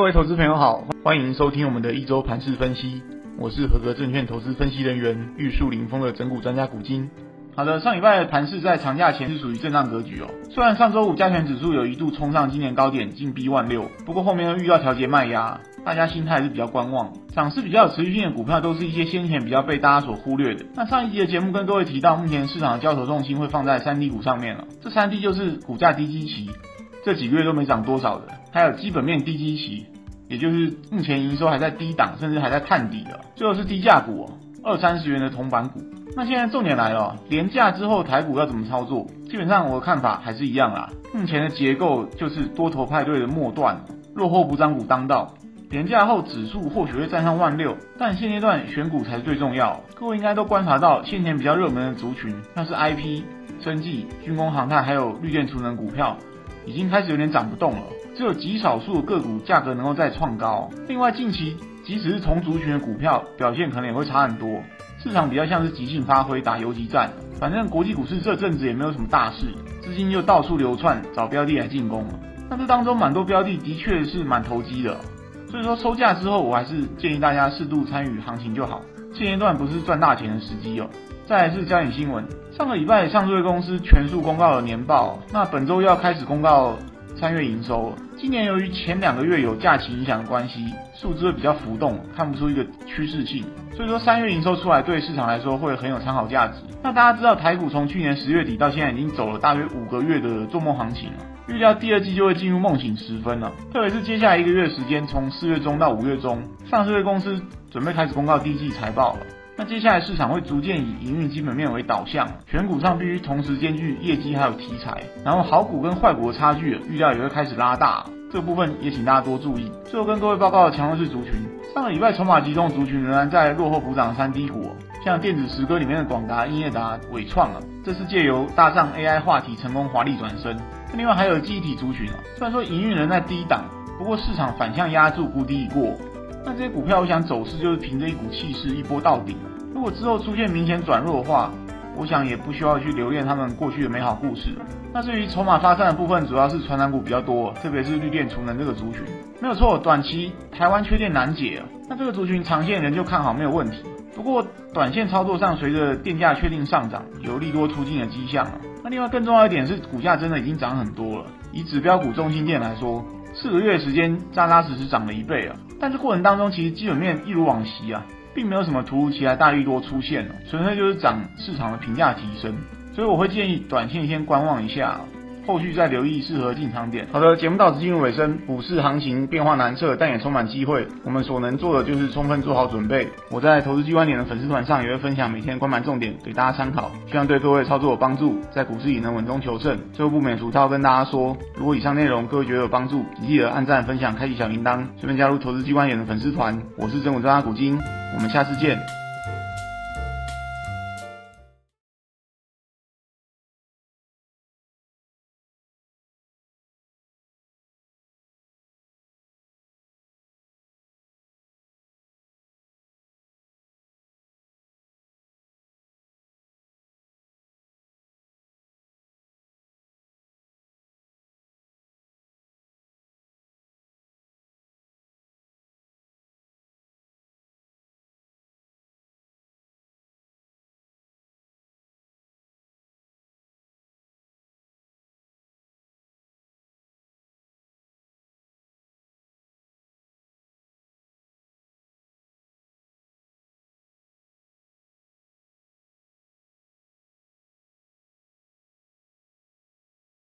各位投資朋友好，歡迎收聽我們的一周盤勢分析。我是合格證券投資分析人員玉樹臨風的拯股專家股晶。好的，上禮拜的盤勢在長假前是屬於震盪格局哦。雖然上周五加權指數有一度衝上今年高點進逼萬六，不過後面又遇到調節賣壓，大家心態是比較觀望的。漲勢比較有持續性的股票都是一些先前比較被大家所忽略的。那上一集的節目跟各位提到，目前市場的交投重心會放在三低股上面了、哦。這三低就是股價低、基期。這幾個月都沒漲多少的，還有基本面低基期，也就是目前營收還在低檔，甚至還在探底的。最後是低價股，二三十元的銅板股。那現在重點來了，連假之後台股要怎麼操作？基本上我的看法還是一樣啦，目前的結構就是多頭派對的末段，落後補漲股當道。連假後指數或許會站上萬六，但現階段選股才是最重要。各位應該都觀察到，先前比較熱門的族群，像是 IP、生技、軍工、航太，還有綠電儲能股票，已經開始有點漲不動了，只有極少數的個股價格能夠再創高。另外，近期即使是同族群的股票表現可能也會差很多，市場比較像是即興發揮打游擊戰。反正國際股市這陣子也沒有什麼大事，資金又到處流竄找標的來進攻了。但這當中蠻多標的的確是蠻投機的，所以說收假之後，我還是建議大家適度參與行情就好，現階段不是賺大錢的時機哦。再來是焦點新聞，上個禮拜上市櫃公司全數公告了年報，那本周又要開始公告三月營收了。今年由於前兩個月有假期影響的關係，數字會比較浮動，看不出一個趨勢性，所以說三月營收出來對市場來說會很有參考價值。那大家知道台股從去年十月底到現在已經走了大約五個月的做夢行情了，預料第二季就會進入夢醒時分了，特別是接下來一個月的時間，從四月中到五月中，上市櫃公司準備開始公告第一季財報了。那接下來市場會逐漸以營運基本面為導向，選股上必須同時兼具業績還有題材，然後好股跟壞股的差距預料也會開始拉大，這部分也請大家多注意。最後跟各位報告的強弱勢族群，上個禮拜籌碼集中的族群仍然在落後補漲的三低股，像電子十哥裡面的廣達、英業達、緯創啊，這是借由搭上 AI 話題成功華麗轉身。另外還有記憶體族群啊，雖然說營運仍在低檔，不過市場反向押注，谷底已過。那這些股票，我想走勢就是憑着一股氣勢，一波到底。如果之後出現明顯轉弱的話，我想也不需要去留戀他們過去的美好故事。那至於籌碼分散的部分，主要是傳產股比較多，特別是綠電儲能這個族群，沒有錯。短期台灣缺電難解，那這個族群長線仍舊看好沒有問題。不過短線操作上，隨着電價確定上漲，有利多突進的跡象啊。那另外更重要一點是，股價真的已經漲很多了，以指標股中興電來說，四個月的時間，扎扎實實漲了一倍啊！但是過程當中，其實基本面一如往昔啊，並沒有什麼突如其來大利多出現啊，純粹就是漲市場的評價提升，所以我會建議短線先觀望一下啊。後續再留意適合進場點。好的，節目到此進入尾聲。股市行情變化難測，但也充滿機會。我們所能做的就是充分做好準備。我在投資 G 觀點的粉絲團上也會分享每天觀盤重點給大家參考，希望對各位操作有幫助，在股市也能穩中求勝。最後不免俗套跟大家說，如果以上內容各位覺得有幫助，請記得按讚、分享、開啟小鈴鐺，順便加入投資 G 觀點的粉絲團。我是拯股專家股晶，我們下次見。